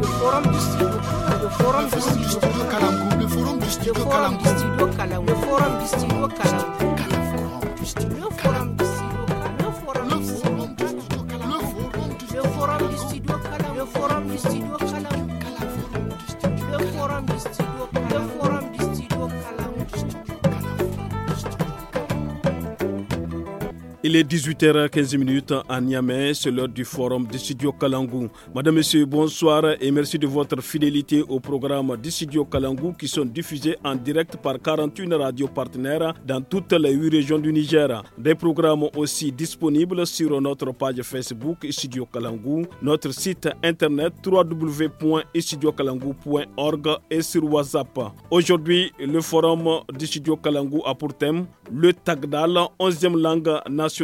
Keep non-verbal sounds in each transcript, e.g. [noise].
le forum du studio le forum le forum du studio le forum du Il est 18h15 à Niamey, c'est l'heure du forum de studio Kalangou. Madame, Monsieur, bonsoir et merci de votre fidélité au programme d'Istudio Kalangou qui sont diffusés en direct par 41 radios partenaires dans toutes les 8 régions du Niger. Des programmes aussi disponibles sur notre page Facebook Studio Kalangou, notre site internet www.studiokalangou.org et sur WhatsApp. Aujourd'hui, le forum de studio Kalangou a pour thème le Tagdal, 11e langue nationale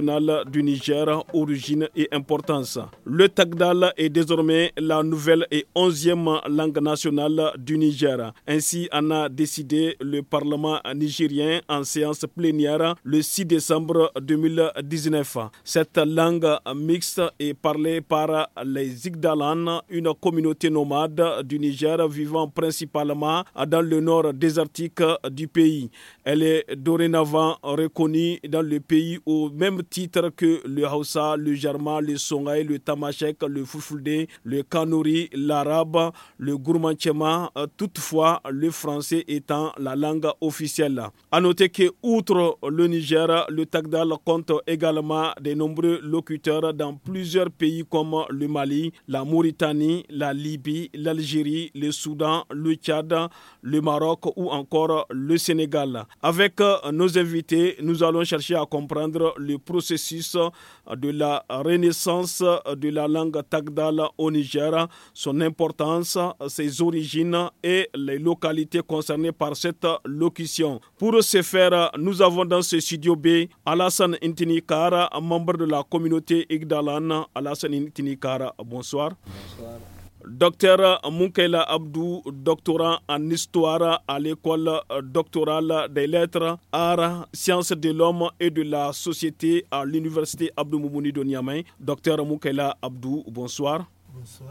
du Niger, origine et importance. Le Tagdal est désormais la nouvelle et onzième langue nationale du Niger. Ainsi en a décidé le Parlement nigérien en séance plénière le 6 décembre 2019. Cette langue mixte est parlée par les Igdalan, une communauté nomade du Niger vivant principalement dans le nord désertique du pays. Elle est dorénavant reconnue dans le pays au même titre que le Hausa, le Jarma, le Songhai, le Tamashek, le Foufoudé, le Kanouri, l'arabe, le Gourmanchema. Euh, toutefois, le français étant la langue officielle. À noter que, outre le Niger, le Tagdal compte également de nombreux locuteurs dans plusieurs pays comme le Mali, la Mauritanie, la Libye, l'Algérie, le Soudan, le Tchad, le Maroc ou encore le Sénégal. Avec euh, nos invités, nous allons chercher à comprendre le processus de la renaissance de la langue tagdala au Niger, son importance, ses origines et les localités concernées par cette locution. Pour ce faire, nous avons dans ce studio B Alassane Intinikara, membre de la communauté Igdalan. Alassane Intinikara, bonsoir. Bonsoir. Docteur Moukela Abdou, doctorant en histoire à l'école doctorale des lettres, arts, sciences de l'homme et de la société à l'université Abdou Moumouni de Niamey. Docteur Moukela Abdou, bonsoir. Bonsoir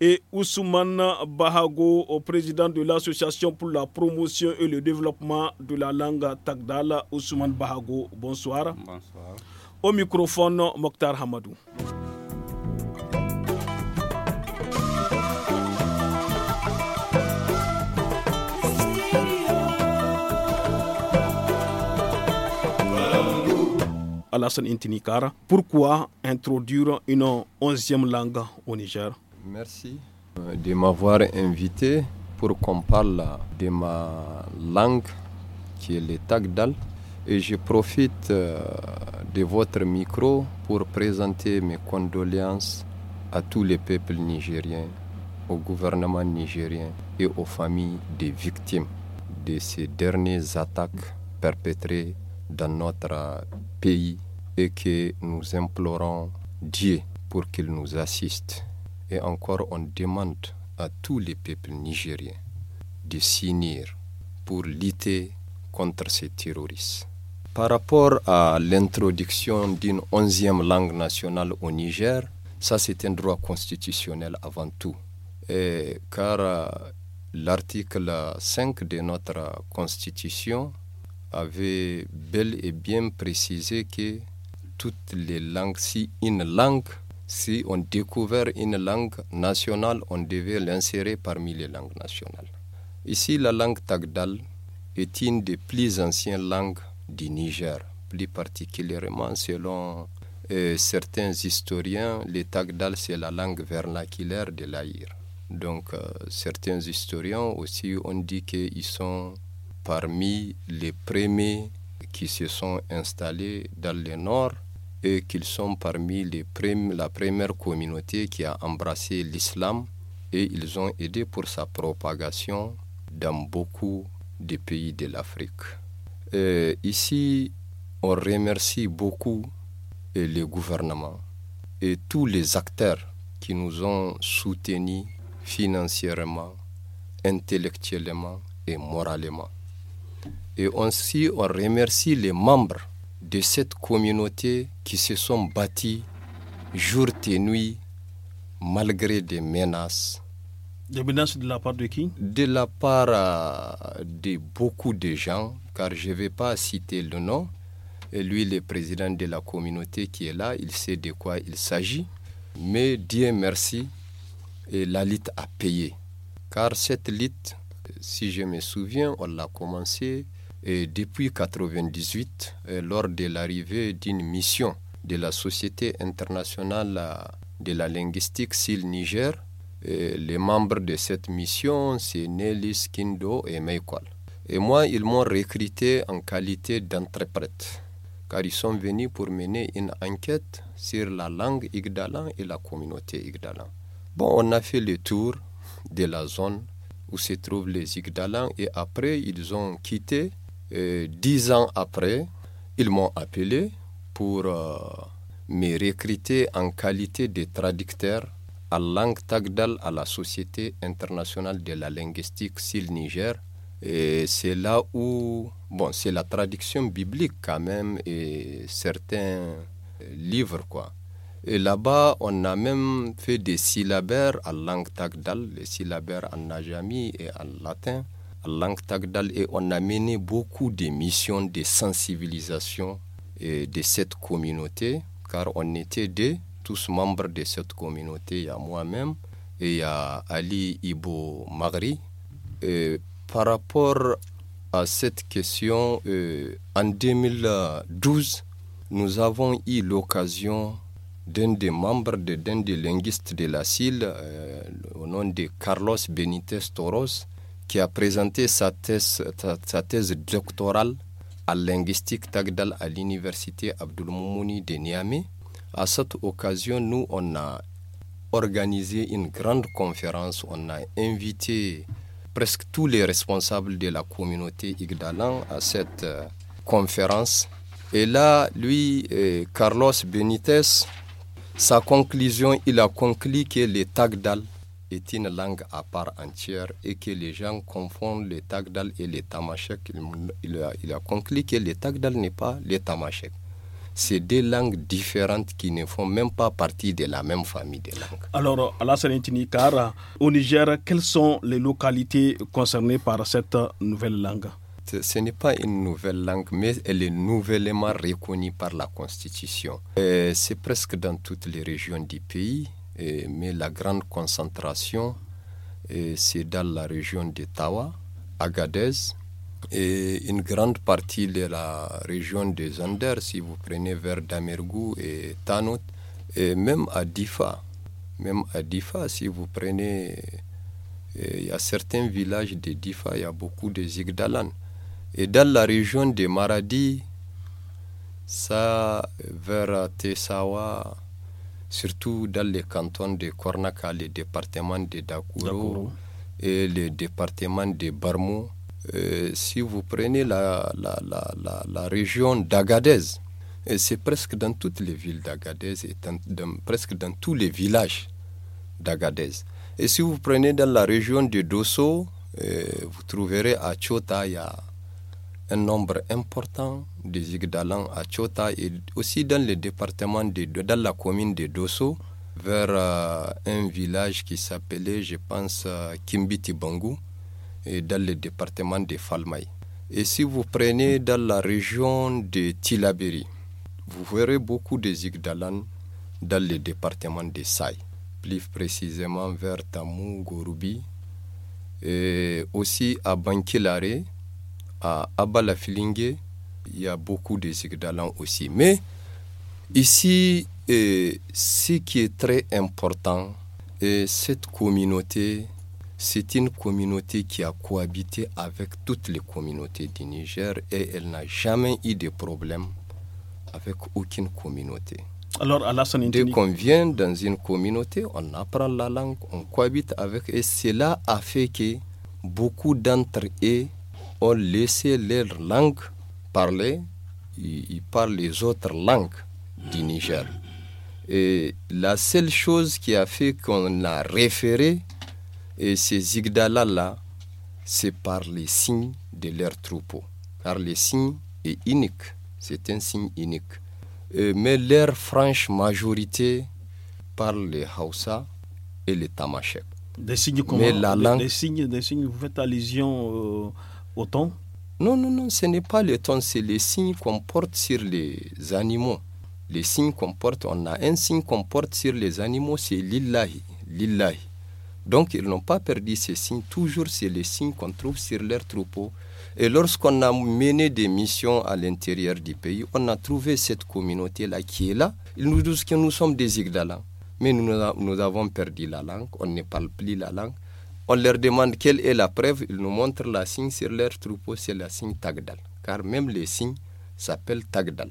et Ousmane Bahago, président de l'Association pour la promotion et le développement de la langue Tagdala. Ousmane Bahago, bonsoir. Bonsoir. Au microphone, Mokhtar Hamadou. Alassane Intinikara, pourquoi introduire une onzième langue au Niger Merci de m'avoir invité pour qu'on parle de ma langue qui est le Tagdal. Et je profite euh, de votre micro pour présenter mes condoléances à tous les peuples nigériens, au gouvernement nigérien et aux familles des victimes de ces dernières attaques perpétrées dans notre pays et que nous implorons Dieu pour qu'il nous assiste. Et encore, on demande à tous les peuples nigériens de s'unir pour lutter contre ces terroristes. Par rapport à l'introduction d'une onzième langue nationale au Niger, ça c'est un droit constitutionnel avant tout. Et car euh, l'article 5 de notre constitution avait bel et bien précisé que toutes les langues, si une langue, si on découvert une langue nationale, on devait l'insérer parmi les langues nationales. Ici, la langue tagdal est une des plus anciennes langues du Niger, plus particulièrement selon euh, certains historiens, le tagdal c'est la langue vernaculaire de l'Aïr. Donc euh, certains historiens aussi ont dit qu'ils sont parmi les premiers qui se sont installés dans le nord et qu'ils sont parmi les la première communauté qui a embrassé l'islam et ils ont aidé pour sa propagation dans beaucoup des pays de l'Afrique. Euh, ici, on remercie beaucoup euh, le gouvernement et tous les acteurs qui nous ont soutenus financièrement, intellectuellement et moralement. Et aussi, on remercie les membres de cette communauté qui se sont bâtis jour et nuit malgré des menaces. Des menaces de la part de qui De la part euh, de beaucoup de gens, car je ne vais pas citer le nom. Et lui, le président de la communauté qui est là, il sait de quoi il s'agit. Mais Dieu merci, et la lutte a payé. Car cette lutte si je me souviens, on l'a commencé et depuis 1998 euh, lors de l'arrivée d'une mission de la Société internationale euh, de la linguistique SIL Niger. les membres de cette mission, c'est Nelly Kindo et Meikwal. Et moi, ils m'ont recruté en qualité d'interprète, car ils sont venus pour mener une enquête sur la langue Igdalan et la communauté Igdalan. Bon, on a fait le tour de la zone où se trouvent les Igdalans. Et après, ils ont quitté. Euh, dix ans après, ils m'ont appelé pour euh, me recruter en qualité de traducteur à langue tagdal à la Société internationale de la linguistique SIL Niger. Et c'est là où, bon, c'est la traduction biblique quand même et certains euh, livres, quoi. Et là-bas, on a même fait des syllabaires en langue tagdal, les syllabaires en najami et en latin, en langue tagdal, et on a mené beaucoup de missions de sensibilisation et de cette communauté, car on était deux, tous membres de cette communauté, il y a moi-même et il y a Ali Ibo Magri. par rapport à cette question, euh, en 2012, nous avons eu l'occasion d'un des membres, de, d'un des linguistes de la CIL, euh, au nom de Carlos Benitez Toros, qui a présenté sa thèse, sa thèse doctorale en linguistique Tagdal à l'université Abdul de Niamey. À cette occasion, nous, on a organisé une grande conférence. On a invité presque tous les responsables de la communauté Igdalan à cette euh, conférence. Et là, lui, euh, Carlos Benitez, sa conclusion, il a conclu que le Tagdal est une langue à part entière et que les gens confondent le Tagdal et le Tamashek. Il a, conclu que le Tagdal n'est pas le Tamashek c'est deux langues différentes qui ne font même pas partie de la même famille de langues. Alors, Alassane car au Niger, quelles sont les localités concernées par cette nouvelle langue ce n'est pas une nouvelle langue, mais elle est nouvellement reconnue par la Constitution. C'est presque dans toutes les régions du pays, mais la grande concentration, c'est dans la région de Tawa, Agadez, et une grande partie de la région des Anders, si vous prenez vers Damergou et Tanout, et même à Difa. Même à Difa, si vous prenez il y a certains villages de Difa, il y a beaucoup de Zigdalan. Et dans la région de Maradi, ça, vers Tessawa, surtout dans les cantons de Kornaka, les départements de Dakuro et le département de Barmo. Euh, si vous prenez la, la, la, la région d'Agadez, euh, c'est presque dans toutes les villes d'Agadez et presque dans tous les villages d'Agadez. Et si vous prenez dans la région de Dosso, euh, vous trouverez à Chota, il y a un nombre important de Zigdalan à Chota et aussi dans le département de, dans la commune de Dosso, vers euh, un village qui s'appelait, je pense, euh, Kimbitibangu et dans le département de Falmaï. Et si vous prenez dans la région de Tilaberi, vous verrez beaucoup de Zigdalan dans le département de Saï, plus précisément vers Tamou, et aussi à Bankilare, à Abalafilingue, il y a beaucoup de aussi. Mais ici, eh, ce qui est très important, et eh, cette communauté, c'est une communauté qui a cohabité avec toutes les communautés du Niger et elle n'a jamais eu de problème avec aucune communauté. Alors, Alassane Dès qu'on vient dans une communauté, on apprend la langue, on cohabite avec, et cela a fait que beaucoup d'entre eux ont laissé leur langue parler, ils, parlent les autres langues du Niger. Et la seule chose qui a fait qu'on a référé et ces Igdala-là, c'est par les signes de leur troupeau. Car les signes est unique, c'est un signe unique. mais leur franche majorité parle les Hausa et les Tamashek. Des signes des, signes, vous faites allusion. Euh, au Non, non, non, ce n'est pas le temps, c'est les signes qu'on porte sur les animaux. Les signes qu'on porte, on a un signe qu'on porte sur les animaux, c'est l'illahi, l'illahi. Donc ils n'ont pas perdu ces signes, toujours c'est les signes qu'on trouve sur leurs troupeaux. Et lorsqu'on a mené des missions à l'intérieur du pays, on a trouvé cette communauté-là qui est là. Ils nous disent que nous sommes des Igdalans. Mais nous, nous avons perdu la langue, on ne parle plus la langue. On leur demande quelle est la preuve, ils nous montrent la signe sur leur troupeau, c'est la signe Tagdal. Car même les signes s'appellent Tagdal.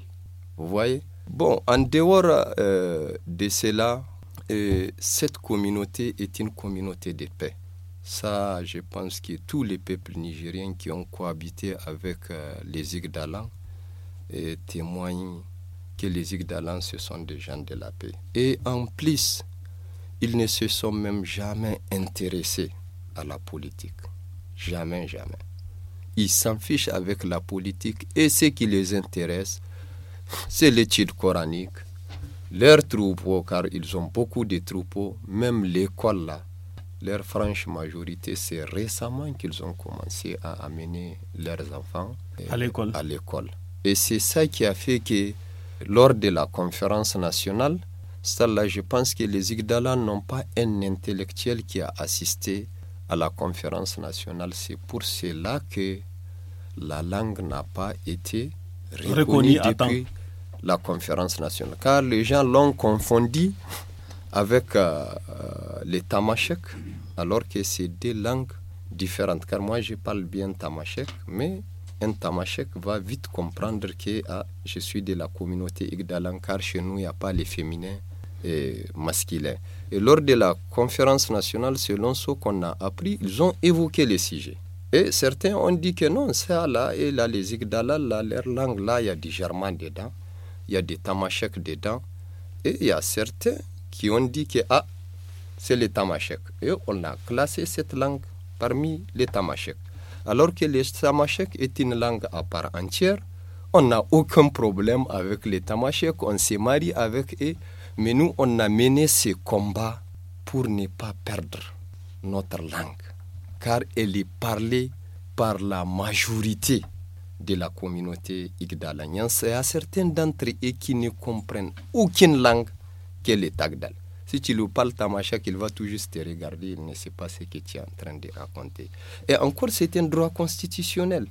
Vous voyez Bon, en dehors euh, de cela, euh, cette communauté est une communauté de paix. Ça, je pense que tous les peuples nigériens qui ont cohabité avec euh, les Igdalans témoignent que les Igdalans, ce sont des gens de la paix. Et en plus, ils ne se sont même jamais intéressés à la politique. Jamais, jamais. Ils s'en fichent avec la politique et ce qui les intéresse, c'est l'étude coranique, leurs troupeaux, car ils ont beaucoup de troupeaux, même l'école là. Leur franche majorité, c'est récemment qu'ils ont commencé à amener leurs enfants euh, à l'école. À l'école. Et c'est ça qui a fait que lors de la conférence nationale, celle-là, je pense que les Igdala n'ont pas un intellectuel qui a assisté à la conférence nationale. C'est pour cela que la langue n'a pas été reconnue, depuis la conférence nationale. Car les gens l'ont confondue avec euh, euh, les tamashek, alors que c'est deux langues différentes. Car moi, je parle bien tamashek, mais un tamashek va vite comprendre que ah, je suis de la communauté Igdalan, car chez nous, il n'y a pas les féminins masculin. Et lors de la conférence nationale, selon ce qu'on a appris, ils ont évoqué les sujets. Et certains ont dit que non, ça là, et là, les Igdala, leur langue, là, il y a du german dedans, il y a des tamashek dedans. Et il y a certains qui ont dit que ah, c'est les tamashek. Et on a classé cette langue parmi les tamashek. Alors que les tamashek est une langue à part entière, on n'a aucun problème avec les tamashek, on se marie avec eux, mais nous, on a mené ce combat pour ne pas perdre notre langue, car elle est parlée par la majorité de la communauté Il et à certains d'entre eux qui ne comprennent aucune langue qu'elle est Agdal. Si tu lui parles Tamashak, il va tout juste te regarder, il ne sait pas ce que tu es en train de raconter. Et encore, c'est un droit constitutionnel.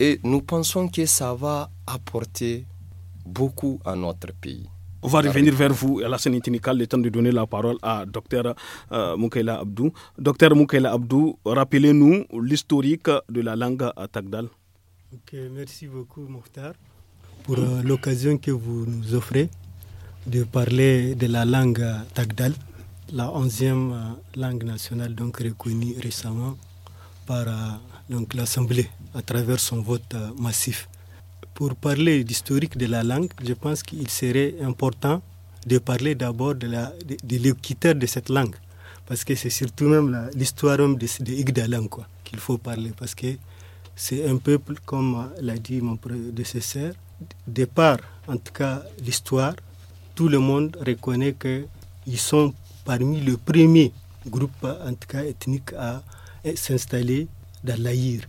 Et nous pensons que ça va apporter beaucoup à notre pays. On va revenir vers vous, à la scène le temps de donner la parole à Dr euh, Moukela Abdou. Docteur Moukela Abdou, rappelez-nous l'historique de la langue à Tagdal. merci beaucoup, Mokhtar, pour euh, l'occasion que vous nous offrez de parler de la langue Tagdal, la onzième euh, langue nationale donc reconnue récemment par l'Assemblée à travers son vote massif. Pour parler d'historique de la langue, je pense qu'il serait important de parler d'abord de, la, de, cette langue. Parce que c'est surtout même l'histoire de, de qu'il faut parler. Parce que c'est un peuple, comme l'a dit mon prédécesseur, de par, en tout cas, l'histoire, tout le monde reconnaît qu'ils sont parmi les premiers groupes, en tout cas ethniques, à s'installer dans l'Aïr.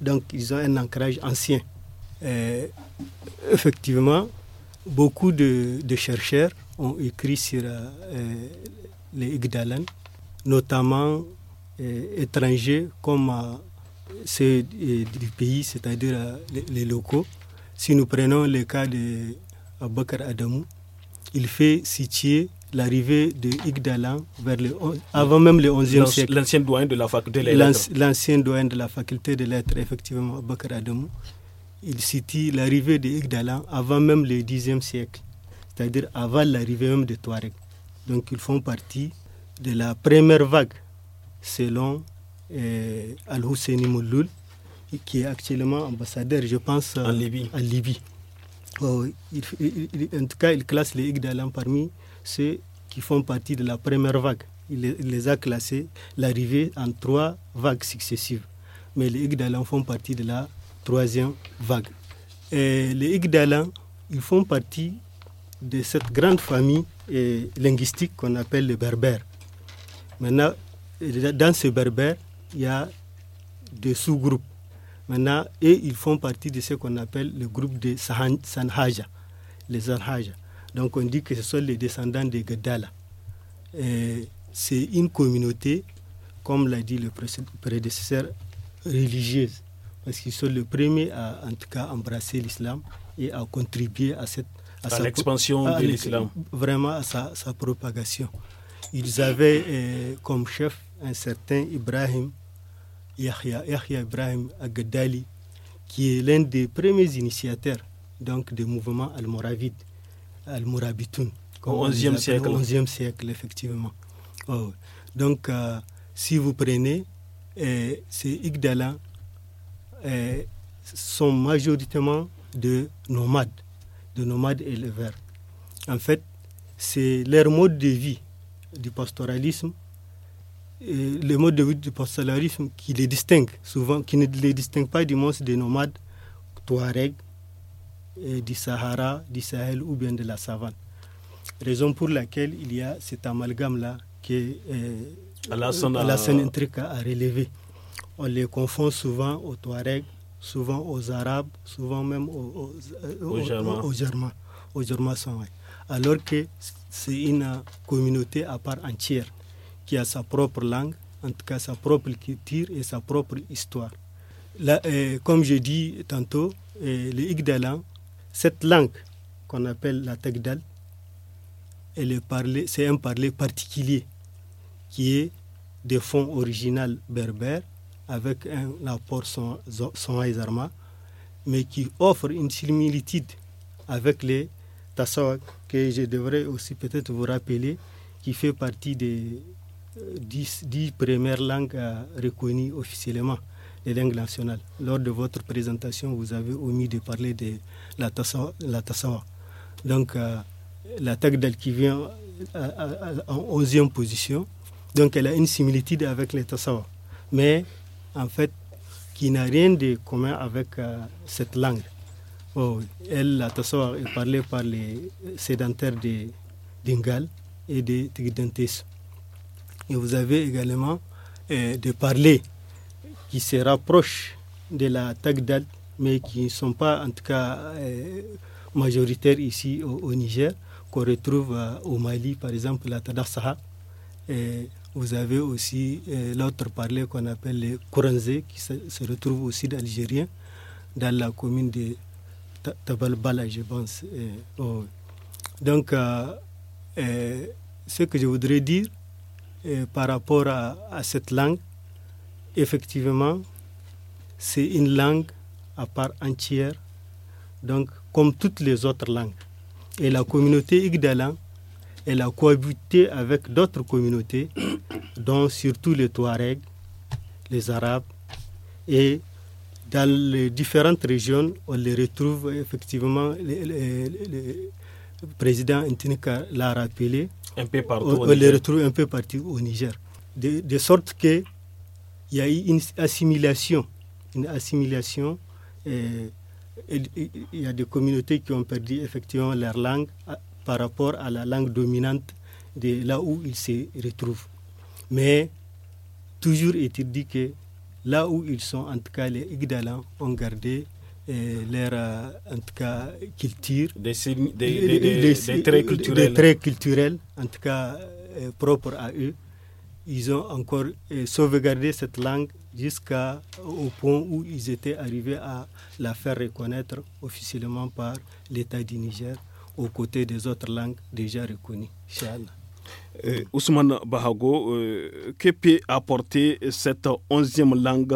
Donc, ils ont un ancrage ancien. Euh, effectivement, beaucoup de, chercheurs ont écrit sur euh, euh, les Igdalen, notamment étrangers comme ceux du pays, c'est-à-dire les, locaux. Si nous prenons le cas de Bakar Adamou, il fait situer l'arrivée de Igdalan vers avant même le 11 siècle. L'ancien doyen de la faculté de lettres. L'ancien doyen de la faculté de lettres, effectivement, Bakar Adamou, il citent l'arrivée des Igdala avant même le Xe siècle, c'est-à-dire avant l'arrivée même des Touareg. Donc ils font partie de la première vague, selon eh, Al-Husseini Mouloul, qui est actuellement ambassadeur, je pense, euh, en Libye. Libye. en tout cas, il classe les Igdalans parmi ceux qui font partie de la première vague. Il les, a classés, l'arrivée en trois vagues successives. Mais les Igdalans font partie de la troisième vague. les Igdalans, ils font partie de cette grande famille eh, linguistique qu'on appelle les berbères. Maintenant, eh, dans ces berbères, il y a des sous-groupes. Maintenant, et ils font partie de ce qu'on appelle le groupe des Sanhaja, les Sanhaja. Donc on dit que ce sont les descendants des Gdala. C'est une communauté, comme l'a dit le prédécesseur, religieuse parce qu'ils sont les premiers à, en tout cas, embrasser l'islam et à contribuer à cette à, l'expansion de l'islam. Vraiment à sa, propagation. Ils avaient euh, comme chef un certain Ibrahim Yahya, Ibrahim Agdali, qui est l'un des premiers initiateurs donc des mouvements al-Mouravid, al murabitoun Au XIe siècle. Au XIe siècle, effectivement. Oh. Donc, euh, si vous prenez, euh, c'est Igdala eh, sont majoritairement de nomades, de nomades éleveurs. En fait, c'est leur mode de vie du pastoralisme, le mode de vie du pastoralisme qui les distingue souvent, qui ne les distingue pas du monde des nomades Touareg, eh, du Sahara, du Sahel ou bien de la savane. Raison pour laquelle il y a cet amalgame-là que euh, Alassane a relever on les confond souvent aux Touaregs, souvent aux Arabes, souvent même aux, aux, aux, Germains. sont, Alors que c'est une communauté à part entière qui a sa propre langue, en tout cas sa propre culture et sa propre histoire. Euh, comme je dis tantôt, euh, le les Igdalan, cette langue qu'on appelle la Tegdal, c'est un parler particulier qui est de fond original berbère avec un apport sans, Aizarma, mais qui offre une similitude avec les Tassawa, que je devrais aussi peut-être vous rappeler, qui fait partie des euh, dix, premières langues reconnues officiellement, les langues nationales. Lors de votre présentation, vous avez omis de parler de la Tassawa. Donc, euh, la l'attaque qui vient euh, en 11e position, donc elle a une similitude avec les Tassawa. Mais en fait, qui n'a rien de commun avec euh, cette langue. Oh, elle, la Tassoa, est parlée par les sédentaires de Dingal et des Tridentis. Et vous avez également euh, des parlers qui se rapprochent de la Tagdal, mais qui ne sont pas en tout cas euh, majoritaires ici au, Niger, qu'on retrouve au Mali, par exemple, la Tadassaha. Vous avez aussi euh, l'autre parler qu'on appelle les Kouranzé, qui se, retrouve aussi d'Algérien dans la commune de Tabalbala, je pense. Euh, oh donc, euh, ce que je voudrais dire par rapport à, cette langue, effectivement, c'est une langue à part entière, donc comme toutes les autres langues. Et la communauté igdala elle a cohabité avec d'autres communautés, dont surtout les Touaregs, les Arabes. Et dans les différentes régions, on les retrouve effectivement, le président Intinika l'a rappelé, un peu partout on, les retrouve un peu partout au Niger. De, sorte qu'il y a eu une assimilation, une assimilation. il y a des communautés qui ont perdu effectivement leur langue par rapport à la langue dominante de là où ils se retrouvent. Mais toujours est-il dit que là où ils sont, en tout cas les Igdalans ont gardé eh, leur euh, en tout cas culture des, des, traits culturels en tout cas eh, propres à eux ils ont encore eh, sauvegardé cette langue jusqu'au point où ils étaient arrivés à la faire reconnaître officiellement par l'État du Niger aux côtés des autres langues déjà reconnues. Euh, Ousmane Bahago, euh, que peut apporter cette onzième langue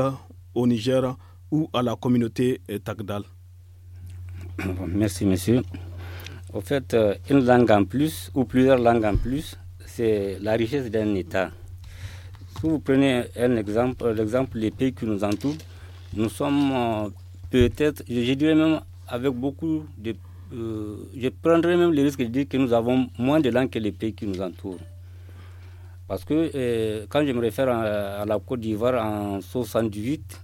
au Niger ou à la communauté euh, Tagdal Merci, monsieur. Au fait, euh, une langue en plus ou plusieurs langues en plus, c'est la richesse d'un État. Si vous prenez un exemple, l'exemple des pays qui nous entourent, nous sommes peut-être, j'ai dirais même avec beaucoup de euh, je prendrais même le risque de dire que nous avons moins de langues que les pays qui nous entourent. Parce que euh, quand je me réfère à, la Côte d'Ivoire en 78,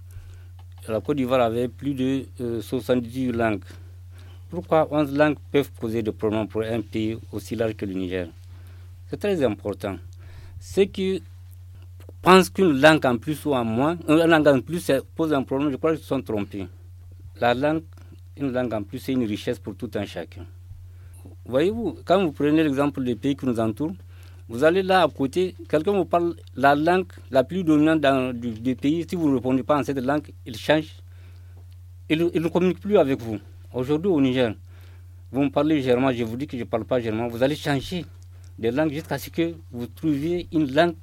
la Côte d'Ivoire avait plus de 70 euh, 78 langues. Pourquoi 11 langues peuvent poser des problèmes pour un pays aussi large que le Niger C'est très important. Ceux qui pensent qu'une langue en plus ou en moins, une langue en plus pose un problème, je crois qu'ils sont trompés. La langue une langue en plus, c'est une richesse pour tout un chacun. Voyez-vous, quand vous prenez l'exemple des pays qui nous entourent, vous allez là à côté, quelqu'un vous parle la langue la plus dominante du, des pays. Si vous ne répondez pas en cette langue, il change. Il, ne communique plus avec vous. Aujourd'hui au Niger, vous me parlez germain, je vous dis que je ne parle pas germain. Vous allez changer de langue jusqu'à ce que vous trouviez une langue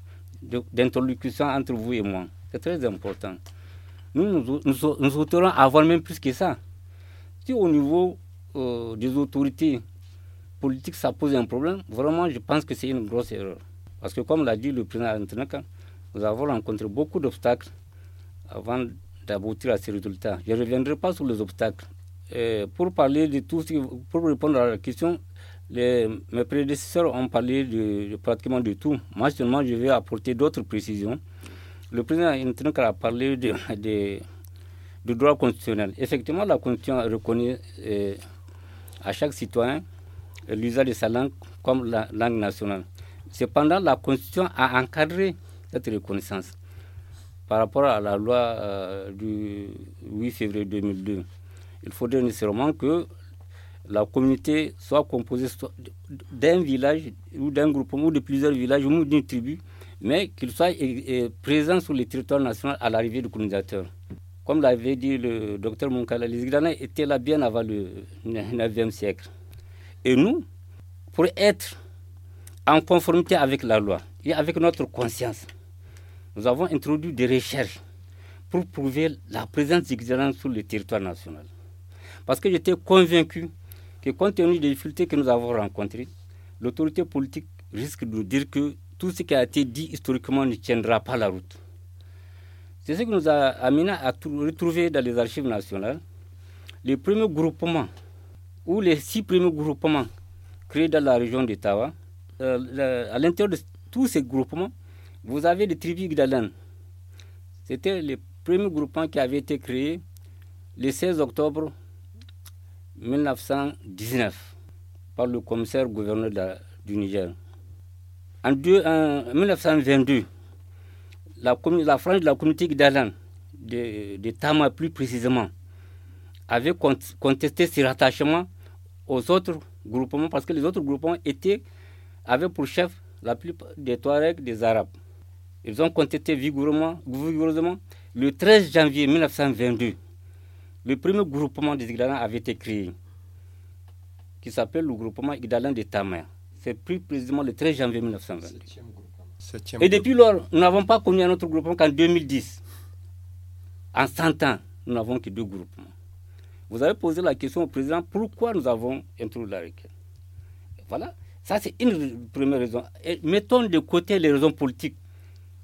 d'interlocution entre vous et moi. C'est très important. Nous, nous, nous, avoir même plus que ça. Si au niveau euh, des autorités politiques ça pose un problème, vraiment je pense que c'est une grosse erreur. Parce que comme l'a dit le président Antenaka, nous avons rencontré beaucoup d'obstacles avant d'aboutir à ces résultats. Je ne reviendrai pas sur les obstacles. Euh, pour parler de tout pour répondre à la question, mes prédécesseurs ont parlé de, pratiquement de tout. Moi seulement, je vais apporter d'autres précisions. Le président Antenaka a parlé de, de du droit constitutionnel. Effectivement, la Constitution reconnaît euh, à chaque citoyen l'usage de sa langue comme la langue nationale. Cependant, la Constitution a encadré cette reconnaissance par rapport à la loi euh, du 8 février 2002. Il faudrait nécessairement que la communauté soit composée d'un village ou d'un groupement ou de plusieurs villages ou d'une tribu, mais qu'il soit euh, présent sur le territoire national à l'arrivée du colonisateur. Comme l'avait dit le docteur Moukala, les était étaient là bien avant le 9e siècle. Et nous, pour être en conformité avec la loi et avec notre conscience, nous avons introduit des recherches pour prouver la présence des sur le territoire national. Parce que j'étais convaincu que compte tenu des difficultés que nous avons rencontrées, l'autorité politique risque de nous dire que tout ce qui a été dit historiquement ne tiendra pas la route. C'est ce qui nous a amené à retrouver dans les archives nationales les premiers groupements ou les six premiers groupements créés dans la région de Tawa. Euh, à l'intérieur de tous ces groupements, vous avez les tribus Gdalen. C'était le premier groupement qui avait été créé le 16 octobre 1919 par le commissaire gouverneur du Niger. en 1922, la, France, frange de la communauté d'Alan, de, de, Tama plus précisément, avait contesté ce rattachement aux autres groupements parce que les autres groupements étaient, avaient pour chef la plupart des Touaregs des Arabes. Ils ont contesté vigoureusement, le 13 janvier 1922. Le premier groupement des Igdalans avait été créé, qui s'appelle le groupement Igdalan de Tama. C'est plus précisément le 13 janvier 1922. Et depuis lors, nous n'avons pas connu un autre groupement qu'en 2010. En 100 ans, nous n'avons que deux groupements. Vous avez posé la question au président pourquoi nous avons introduit la requête. Voilà, ça c'est une première raison. Et mettons de côté les raisons politiques.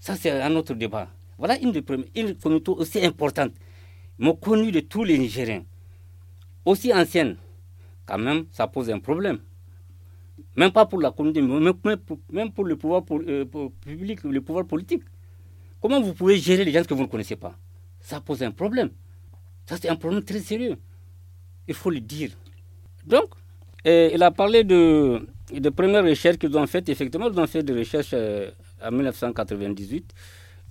Ça c'est un autre débat. Voilà une des premières, une communauté aussi importante, mais connue de tous les Nigériens, aussi ancienne. Quand même, ça pose un problème. Même pas pour la communauté, même pour, le pouvoir euh, public, le pouvoir politique. Comment vous pouvez gérer les gens que vous ne connaissez pas Ça pose un problème. Ça, c'est un problème très sérieux. Il faut le dire. Donc, euh, il a parlé de, de premières recherches qu'ils ont faites. Effectivement, ils ont fait des recherches euh, en 1998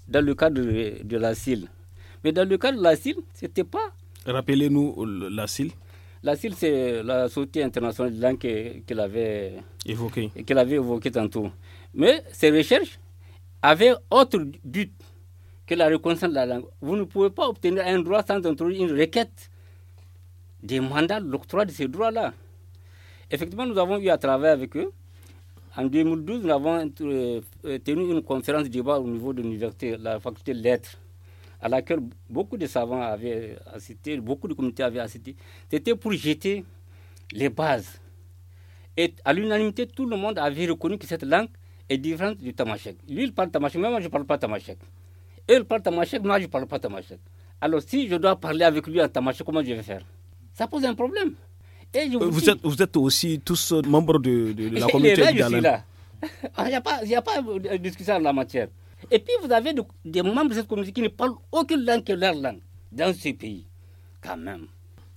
dans le cadre de, de l'asile. Mais dans le cadre de l'asile, n'était pas. Rappelez-nous l'asile. La CIL, c'est la société internationale de langue qu'elle avait évoquée qu'il avait évoqué tantôt. Mais ces recherches avaient autre but que la reconnaissance de la langue. Vous ne pouvez pas obtenir un droit sans introduire une requête demandant l'octroi de ces droits-là. Effectivement, nous avons eu à travailler avec eux. En 2012, nous avons euh, tenu une conférence de débat au niveau de l'université, la faculté de lettres à laquelle beaucoup de savants avaient assisté, beaucoup de communautés avaient assisté, c'était pour jeter les bases. Et à l'unanimité, tout le monde avait reconnu que cette langue est différente du tamashek. Lui, il parle tamashek, mais moi, je ne parle pas tamashek. Et il parle tamashek, moi, je ne parle pas tamashek. Alors, si je dois parler avec lui en tamashek, comment je vais faire Ça pose un problème. Et euh, vous, êtes, aussi tous euh, membres de, la [laughs] eh, communauté. Il Il n'y a, pas de discussion en la matière. Et puis vous avez des membres de cette communauté qui ne parlent aucune langue que leur langue dans ce pays, quand même.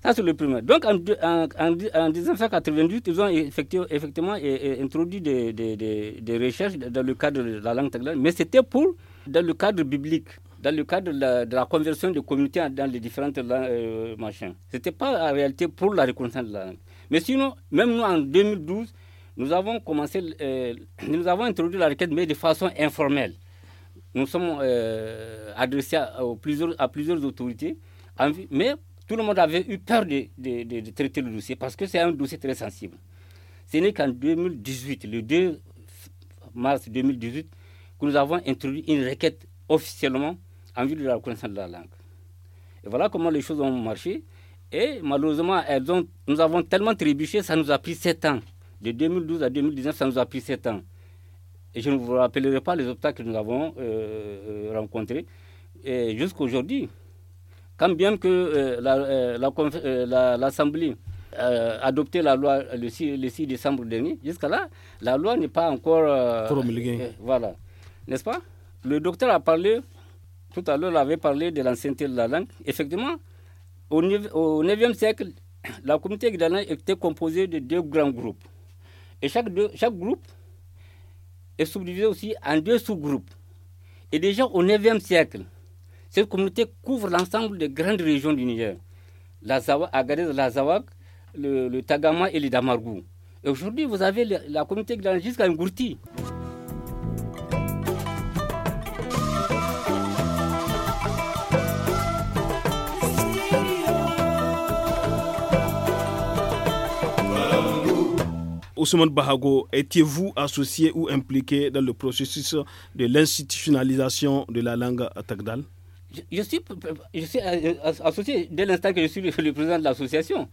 Ça, c'est le premier. Donc, en, en, en, 1998, ils ont effectivement introduit des, des, des, recherches dans le cadre de la langue tagalog, mais c'était pour, dans le cadre biblique, dans le cadre de la, conversion des communautés dans les différentes langues, euh, machins. Ce n'était pas en réalité pour la reconnaissance de la langue. Mais sinon, même nous, en 2012, nous avons commencé, euh, nous avons introduit la requête, mais de façon informelle nous sommes euh, adressés à, plusieurs, à plusieurs autorités, mais tout le monde avait eu peur de, traiter le dossier parce que c'est un dossier très sensible. Ce n'est qu'en 2018, le 2 mars 2018, que nous avons introduit une requête officiellement en vue de la reconnaissance de la langue. Et voilà comment les choses ont marché. Et malheureusement, elles nous avons tellement trébuché, ça nous a pris 7 ans. De 2012 à 2019, ça nous a pris 7 ans. Et je ne vous rappellerai pas les obstacles que nous avons euh, euh, rencontrés jusqu'à aujourd'hui. Quand bien que euh, l'Assemblée a adopté la loi le 6, décembre dernier, jusqu'à là, la loi n'est pas encore promulguée. voilà. N'est-ce pas Le docteur a parlé, tout à l'heure, il avait parlé de l'ancienneté de la langue. Effectivement, au 9e siècle, la communauté langue était composée de deux grands groupes. Et chaque, chaque groupe est subdivisée aussi en deux sous-groupes. Et déjà au 9e siècle, cette communauté couvre l'ensemble des grandes régions du Niger. La Zawak, Agadez, la le, Tagama et le Damargou. Et aujourd'hui, vous avez la, communauté qui jusqu'à Ngourti. Ousmane Bahago, étiez-vous associé ou impliqué dans le processus de l'institutionnalisation de la langue à Tagdal je, suis, euh, euh, associé dès l'instant que je suis le, président de l'association.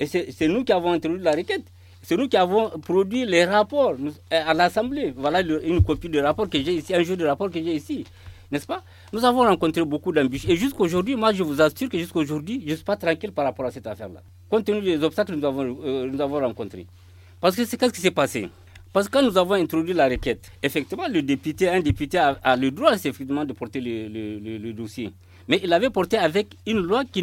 Et c'est nous qui avons introduit la requête. C'est nous qui avons produit les rapports euh, à l'Assemblée. Voilà une copie de rapport que j'ai ici, un jeu de rapport que j'ai ici. N'est-ce pas Nous avons rencontré beaucoup d'embûches. Et jusqu'aujourd'hui, moi, je vous assure que jusqu'aujourd'hui, je ne suis pas tranquille par rapport à cette affaire-là. Compte tenu des obstacles que nous avons rencontrés. Parce que c'est qu'est-ce qui s'est passé Parce que quand nous avons introduit la requête, effectivement, le député, un député a, le droit effectivement de porter le, dossier. Mais il l'avait porté avec une loi qui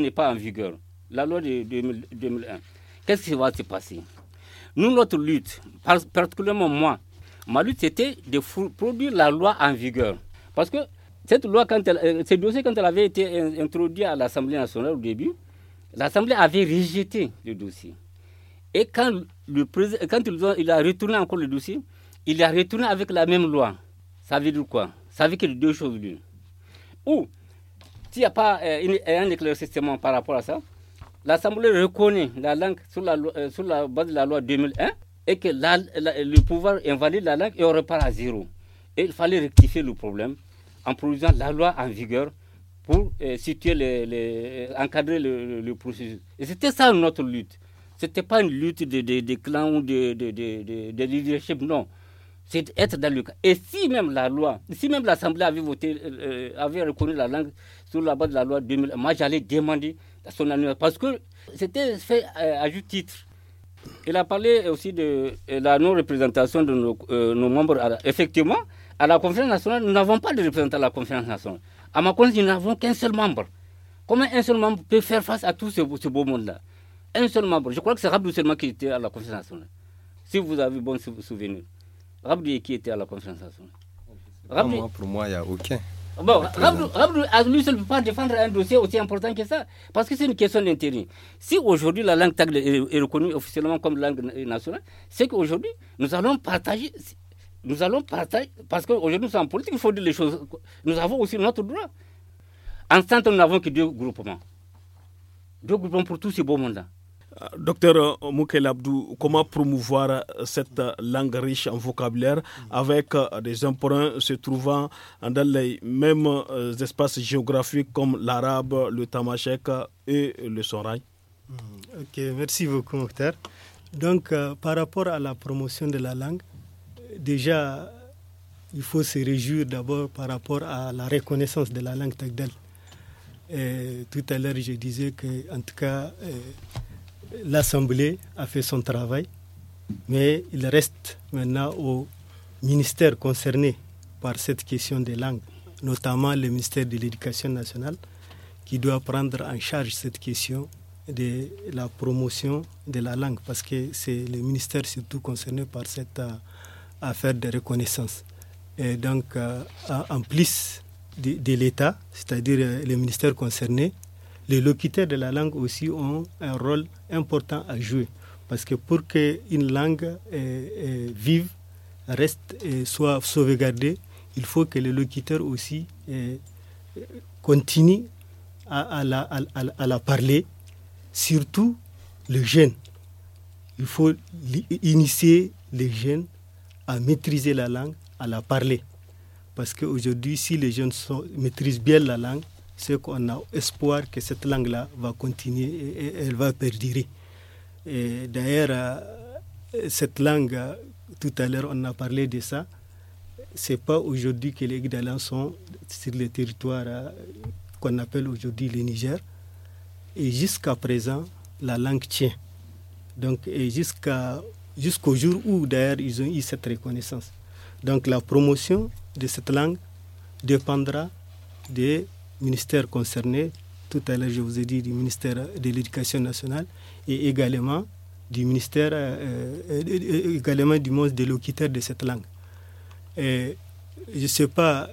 n'est pas en vigueur, la loi de, 2001. Qu'est-ce qui va se passer Nous, notre lutte, particulièrement moi, ma lutte, c'était de produire la loi en vigueur. Parce que cette loi, quand elle, euh, ce dossier, quand elle avait été introduit à l'Assemblée nationale au début, l'Assemblée avait rejeté le dossier. Et quand quand il, il a retourné encore le dossier, il a retourné avec la même loi. Ça veut dire quoi Ça veut dire deux choses d'une. Ou, s'il n'y a pas euh, euh, un éclaircissement par rapport à ça, l'Assemblée reconnaît la langue sur la, euh, sur la base de la loi 2001 et que le pouvoir invalide la langue et on repart à zéro. Et il fallait rectifier le problème en produisant la loi en vigueur pour situer les, encadrer le, le processus. Et c'était ça notre lutte n'était pas une lutte des de, clans ou de, de, leadership, non. C'est être dans le cas. Et si même la loi, si même l'Assemblée avait voté, euh, avait reconnu la langue sur la base de la loi 2000, moi j'allais demander son annulation, parce que c'était fait euh, à, juste titre. Il a parlé aussi de euh, la non-représentation de nos, membres. Effectivement, à la conférence nationale, nous n'avons pas de représentants à la conférence nationale. À ma connaissance, nous n'avons qu'un seul membre. Comment un seul membre peut faire face à tout ce beau monde-là un seul membre. Je crois que c'est Rabdou seulement qui était à la conférence nationale. Si vous avez bon souvenir. Rabdou qui était à la conférence nationale. pour moi, il n'y a aucun. Bon, Rabdou, lui seul ne peut pas défendre un dossier aussi important que ça, parce que c'est une question d'intérêt. Si aujourd'hui la langue tagle est reconnue officiellement comme langue nationale, c'est qu'aujourd'hui, nous allons partager, nous allons partager, parce qu'aujourd'hui nous sommes en politique, il faut dire les choses. Nous avons aussi notre droit. En temps, nous n'avons que deux groupements. Deux groupements pour tous ces beaux mondes-là. Docteur euh, Moukel Abdou, comment promouvoir euh, cette euh, langue riche en vocabulaire avec des emprunts se trouvant dans les mêmes espaces géographiques comme l'arabe, le tamashek et le sonraï hmm, Ok, merci beaucoup docteur. Donc par rapport à la promotion de la langue, déjà il faut se réjouir d'abord par rapport à la reconnaissance de la langue tagdel. tout à l'heure je disais que en tout cas l'Assemblée a fait son travail, mais il reste maintenant au ministère concerné par cette question des langues, notamment le ministère de l'Éducation nationale, qui doit prendre en charge cette question de la promotion de la langue, parce que c'est le ministère surtout concerné par cette euh, affaire de reconnaissance. Et donc, euh, en plus de, l'État, c'est-à-dire euh, le ministère concerné, les locuteurs de la langue aussi ont un rôle important à jouer. Parce que pour qu'une langue euh, euh, vive, reste, et euh, soit sauvegardée, il faut que les locuteurs aussi continuent à, la, parler, surtout les jeunes. Il faut initier les jeunes à maîtriser la langue, à la parler. Parce qu'aujourd'hui, si les jeunes maîtrisent bien la langue, c'est qu'on a espoir que cette langue-là va continuer et, elle va perdurer. Et d'ailleurs, euh, cette langue, tout à l'heure, on a parlé de ça. C'est pas aujourd'hui que les Igdalans sont sur le territoire euh, qu'on appelle aujourd'hui le Niger. Et jusqu'à présent, la langue tient. Donc, jusqu'à, jusqu'au jour où, d'ailleurs, ils ont eu cette reconnaissance. Donc, la promotion de cette langue dépendra de ministère concerné, Tout à l'heure, je vous ai dit du ministère de l'Éducation nationale et également du ministère, euh, euh, euh, également du monde des locuteurs de cette langue. Et je ne sais pas,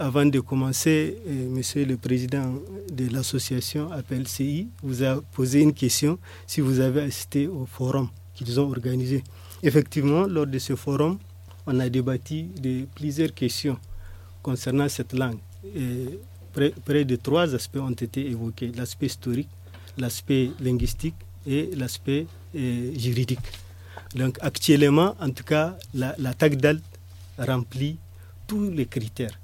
avant de commencer, Monsieur le Président de l'association CI vous a posé une question si vous avez assisté au forum qu'ils ont organisé. Effectivement, lors de ce forum, on a débattu de plusieurs questions concernant cette langue. Et près, de trois aspects ont été évoqués, l'aspect historique, l'aspect linguistique et l'aspect euh, juridique. Donc actuellement, en tout cas, la, la TACDAL remplit tous les critères,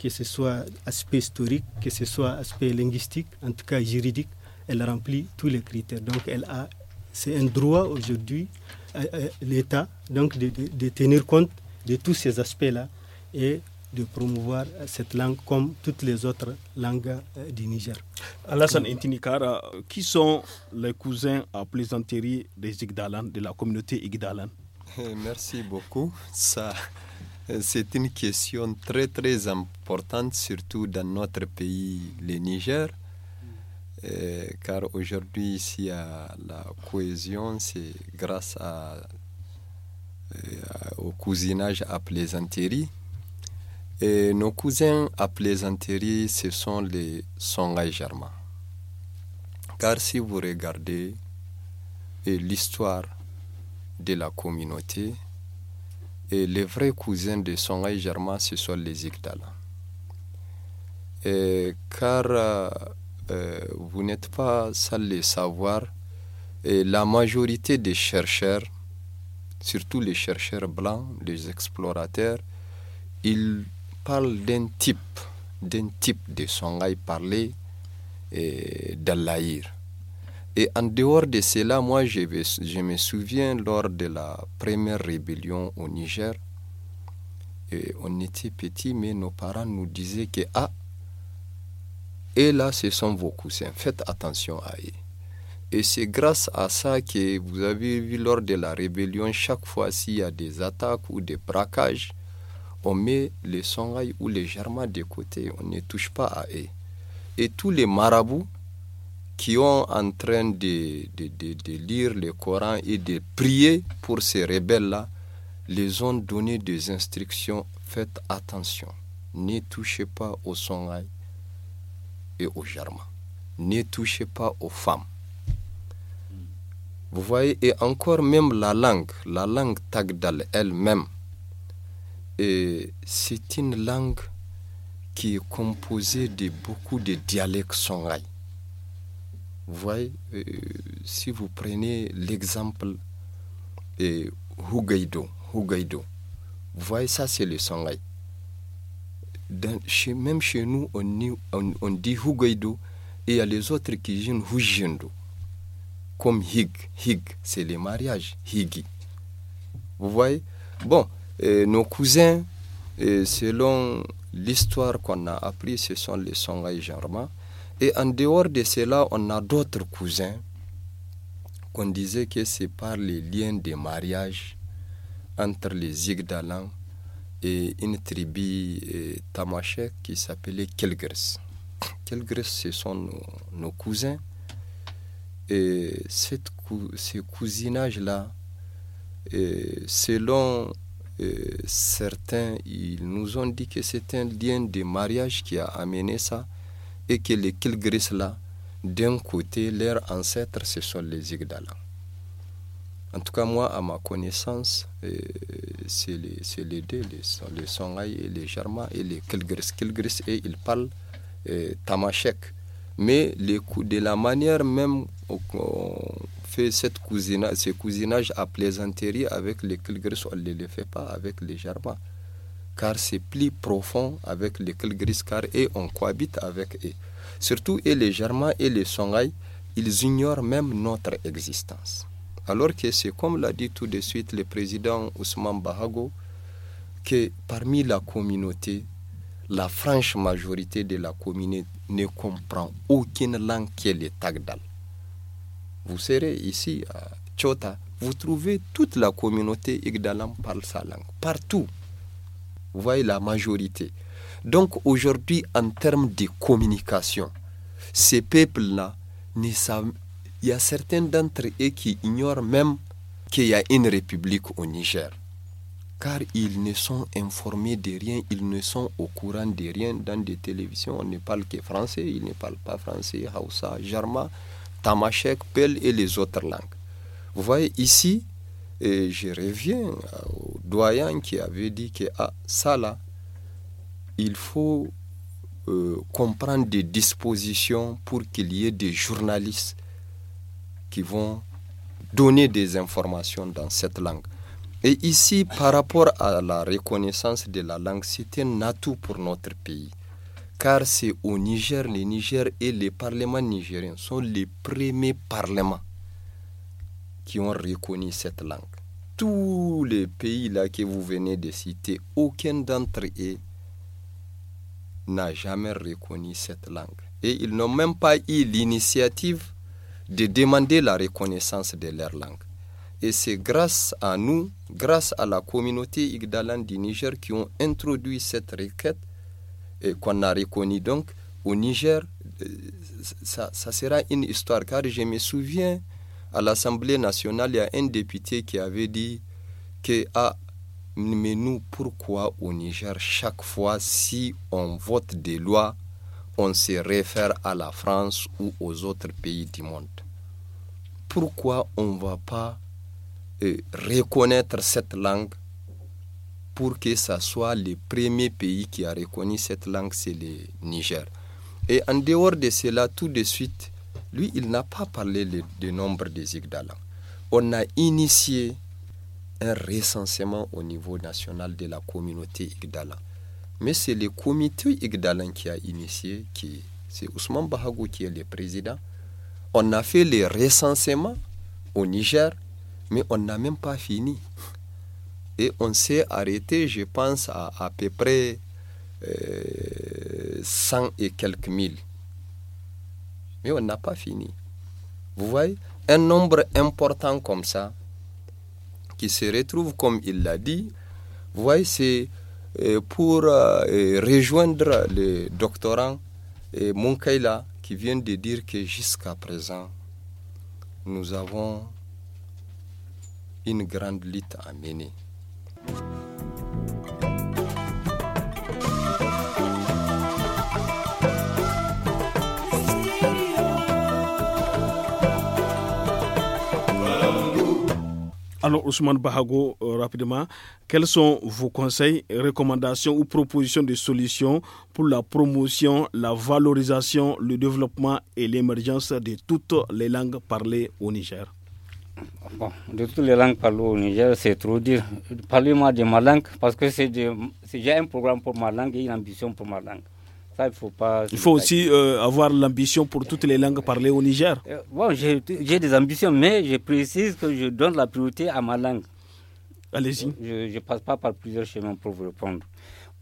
que ce soit aspect historique, que ce soit aspect linguistique, en tout cas juridique, elle remplit tous les critères. Donc elle a, c'est un droit aujourd'hui, euh, euh, l'État, donc de, tenir compte de tous ces aspects-là et de promouvoir euh, cette langue comme toutes les autres langues euh, du Niger. Alassane Intinikara, qui sont les cousins à plaisanterie des Igdalan, de la communauté Igdalan eh, Merci beaucoup. Ça, euh, c'est une question très très importante, surtout dans notre pays, le Niger. Eh, car aujourd'hui, s'il y la cohésion, c'est grâce à, au cousinage à plaisanterie. Et nos cousins à plaisanterie, ce sont les Songhai germains. Car si vous regardez l'histoire de la communauté, et les vrais cousins des Songhai germains, ce sont les Igdala. car euh, euh, vous n'êtes pas sans le savoir, et la majorité des chercheurs, surtout les chercheurs blancs, les explorateurs, ils parle d'un type, d'un type de Songhaï parlé et euh, d'Allaïr. Et en dehors de cela, moi, je, je, me souviens lors de la première rébellion au Niger, et euh, on était petit mais nos parents nous disaient que, ah, et là, ce sont vos cousins, faites attention à eux. Et c'est grâce à ça que vous avez vu lors de la rébellion, chaque fois s'il y a des attaques ou des braquages, on met les songhai ou les jarma de côté, on ne touche pas à eux. Et tous les marabouts qui ont en train de, de, de, lire le Coran et de prier pour ces rebelles-là, les ont donné des instructions, faites attention, ne touchez pas aux songhai et aux germains, ne touchez pas aux femmes. Vous voyez, et encore même la langue, la langue Tagdal elle-même, c'est une langue qui est composée de beaucoup de dialectes Songhaï. Vous voyez, euh, si vous prenez l'exemple de euh, Hugaido, vous voyez, ça c'est le Songhaï. même chez nous, on, dit Hugaido et il y a les autres qui disent Hujindo. Comme Hig, Hig, c'est le mariage, Higi. Vous voyez Bon, nos cousins, et selon l'histoire qu'on a appris, ce sont les Songhai Jarma. Et en dehors de cela, on a d'autres cousins qu'on disait que c'est par les liens de mariage entre les Yigdalan... et une tribu Tamachèque... qui s'appelait Kelgers. Kelgers, ce sont nos, nos cousins. Et cette, ce cousinage-là, selon euh, certains, ils nous ont dit que c'est un lien de mariage qui a amené ça et que les Kilgris-là, d'un côté, leurs ancêtres, ce sont les Igdalans. En tout cas, moi, à ma connaissance, euh, c'est les, deux, les, les et les Jarma et les Kilgris. Kilgris, et ils parlent euh, Mais les, de la manière même fait cette cousina, ce cousinage à plaisanterie avec les Kilgris, on ne le fait pas avec les Germains. Car c'est plus profond avec les Kilgris, car et on cohabite avec eux. Surtout, et les Germains et les Songhai, ils ignorent même notre existence. Alors que c'est comme l'a dit tout de suite le président Ousmane Bahago, que parmi la communauté, la franche majorité de la communauté ne comprend aucune langue qui est le Tagdal. Vous serez ici à Chota, vous trouvez toute la communauté Igdalam parle sa langue, partout. Vous voyez la majorité. Donc aujourd'hui, en termes de communication, ces peuples-là, il y a certains d'entre eux qui ignorent même qu'il y a une république au Niger. Car ils ne sont informés de rien, ils ne sont au courant de rien. Dans des télévisions, on ne parle que français, ils ne parlent pas français, Hausa, Jarma tamashek, pel et les autres langues. Vous voyez ici, et je reviens au doyen qui avait dit que à ah, ça là, il faut euh, comprendre des dispositions pour qu'il y ait des journalistes qui vont donner des informations dans cette langue. Et ici, par rapport à la reconnaissance de la langue, c'était un atout pour notre pays car c'est au Niger, le Niger et les parlements nigériens sont les premiers parlements qui ont reconnu cette langue. Tous les pays là que vous venez de citer, aucun d'entre eux n'a jamais reconnu cette langue. Et ils n'ont même pas eu l'initiative de demander la reconnaissance de leur langue. Et c'est grâce à nous, grâce à la communauté Igdalan du Niger qui ont introduit cette requête euh, qu'on a reconnu donc au Niger, euh, ça, sera une histoire. Car je me souviens, à l'Assemblée nationale, il y a un député qui avait dit que, ah, mais nous, pourquoi au Niger, chaque fois, si on vote des lois, on se réfère à la France ou aux autres pays du monde Pourquoi on ne va pas euh, reconnaître cette langue pour que ce soit le premier pays qui a reconnu cette langue, c'est le Niger. Et en dehors de cela, tout de suite, lui, il n'a pas parlé du nombre des Igdala. On a initié un recensement au niveau national de la communauté Igdala. Mais c'est le comité Igdalan qui a initié, qui, c'est Ousmane Bahago qui est le président. On a fait le recensement au Niger, mais on n'a même pas fini on s'est arrêté, je pense, à à peu près 100 euh, et quelques mille. Mais on n'a pas fini. Vous voyez, un nombre important comme ça, qui se retrouve, comme il l'a dit, vous voyez, c'est euh, pour euh, rejoindre le doctorants et Munkaila qui vient de dire que jusqu'à présent, nous avons une grande lutte à mener. Alors Ousmane Bahago, euh, rapidement, quels sont vos conseils, recommandations ou propositions de solutions pour la promotion, la valorisation, le développement et l'émergence de toutes les langues parlées au Niger de toutes les langues parlées au Niger, c'est trop dire. Parlez-moi de ma langue, parce que c'est j'ai un programme pour ma langue et une ambition pour ma langue. Ça, il faut pas. Il faut aussi euh, avoir l'ambition pour toutes les langues parlées au Niger. Euh, bon, j'ai des ambitions, mais je précise que je donne la priorité à ma langue. Allez-y. Je ne passe pas par plusieurs chemins pour vous répondre.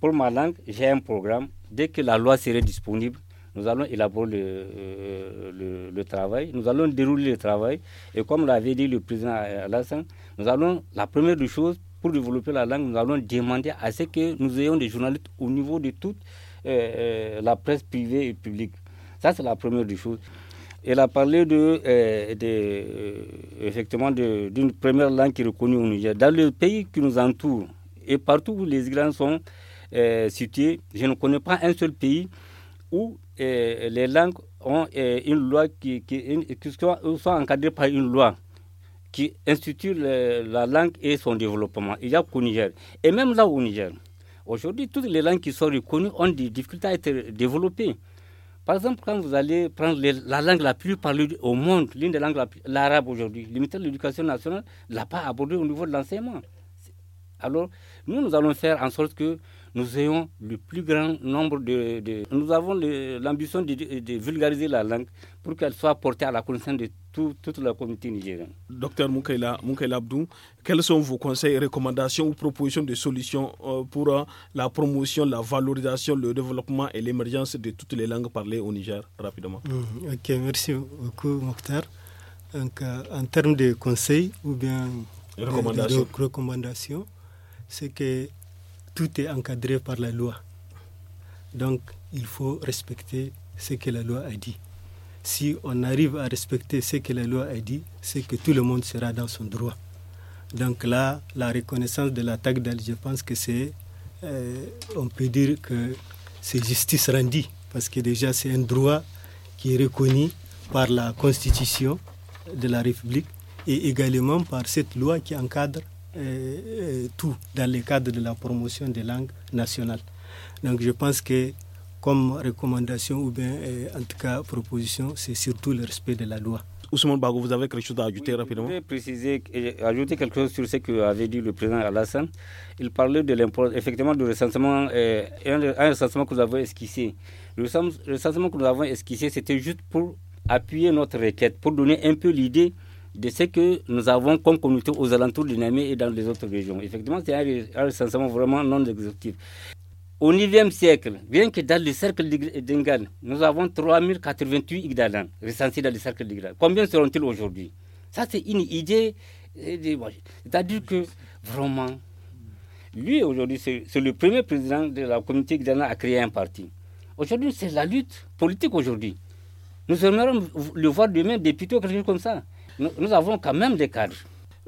Pour ma langue, j'ai un programme. Dès que la loi serait disponible, nous allons élaborer euh, le, travail, nous allons dérouler le travail. Et comme l'avait dit le président Alassane, nous allons, la première des choses, pour développer la langue, nous allons demander à ce que nous ayons des journalistes au niveau de toute euh, euh, la presse privée et publique. Ça, c'est la première des choses. Elle a parlé de, effectivement d'une première langue qui est reconnue au Niger. Dans le pays qui nous entoure et partout où les grands sont situés, je ne connais pas un seul pays où les langues ont euh, une loi qui, qui, sont euh, encadrées par une loi qui institue la langue et son développement. Il y a qu'au Niger. Et même là au Niger, aujourd'hui, toutes les langues qui sont reconnues ont des difficultés à être développées. Par exemple, quand vous allez prendre la langue la plus parlée au monde, l'une des langues, l'arabe aujourd'hui, le ministère de l'Éducation nationale ne l'a pas abordé au niveau de l'enseignement. Alors, nous, nous allons faire en sorte que nous ayons le plus grand nombre de... nous avons l'ambition de, vulgariser la langue pour qu'elle soit portée à la connaissance de toute la communauté nigérienne. Docteur Moukaila, Abdou, quels sont vos conseils, recommandations ou propositions de solutions euh, pour euh, la promotion, la valorisation, le développement et l'émergence de toutes les langues parlées au Niger Rapidement. Mm, ok, merci beaucoup Mokhtar. Donc, euh, en termes de conseils ou bien de recommandations c'est que tout est encadré par la loi. Donc, il faut respecter ce que la loi a dit. Si on arrive à respecter ce que la loi a dit, c'est que tout le monde sera dans son droit. Donc là, la reconnaissance de l'attaque d'Al, je pense que c'est, euh, on peut dire que c'est justice rendue, parce que déjà c'est un droit qui est reconnu par la Constitution de la République et également par cette loi qui encadre tout dans le cadre de la promotion des langues nationales. Donc je pense que comme recommandation ou bien euh, en tout cas proposition, c'est surtout le respect de la loi. Ousmane Bago, vous avez quelque chose à ajouter rapidement Je voulais préciser, ajouter quelque chose sur ce que avait dit le président Alassane. Il parlait de l'importance, effectivement, du recensement, euh, un, recensement que nous avons esquissé. Le recensement que nous avons esquissé, c'était juste pour appuyer notre requête, pour donner un peu l'idée de ce que nous avons comme communauté aux alentours du Namé et dans les autres régions. Effectivement, c'est un, recensement vraiment non exhaustif. Au 9 siècle, bien que dans le cercle d'Ingan, nous avons 3088 Igdalan recensés dans le cercle d'Ingan. Combien seront-ils aujourd'hui Ça, c'est une idée. Euh, c'est-à-dire que vraiment, lui aujourd'hui, c'est le premier président de la communauté Igdalan à créer un parti. Aujourd'hui, c'est la lutte politique aujourd'hui. Nous aimerions le voir demain député ou quelque chose comme ça nous, avons quand même des cadres.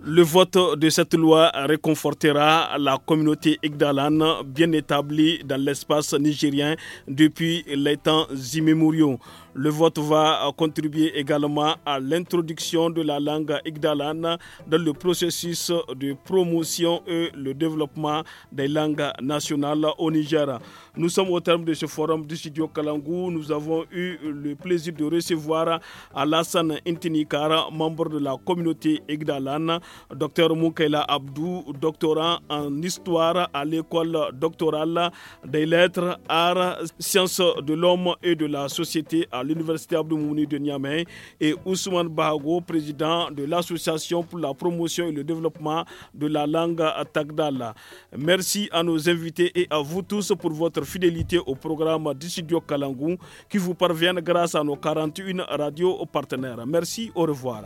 Le vote de cette loi réconfortera la communauté Igdalan bien établie dans l'espace nigérien depuis les temps immémoriaux. Le vote va euh, contribuer également à l'introduction de la langue Igdalan dans le processus de promotion et le développement des langues nationales au Niger. Nous sommes au terme de ce forum du studio Kalangou. Nous avons eu le plaisir de recevoir Alassane Intinikara, membre de la communauté Igdalan, Dr Moukela Abdou, doctorant en histoire à l'école doctorale des lettres, arts, sciences de l'homme et de la société l'Université Abdoumouni de Niamey, et Ousmane Bahago, président de l'Association pour la promotion et le développement de la langue Tagdala. Merci à nos invités et à vous tous pour votre fidélité au programme du studio Kalangou qui vous parvient grâce à nos 41 radios partenaires. Merci, au revoir.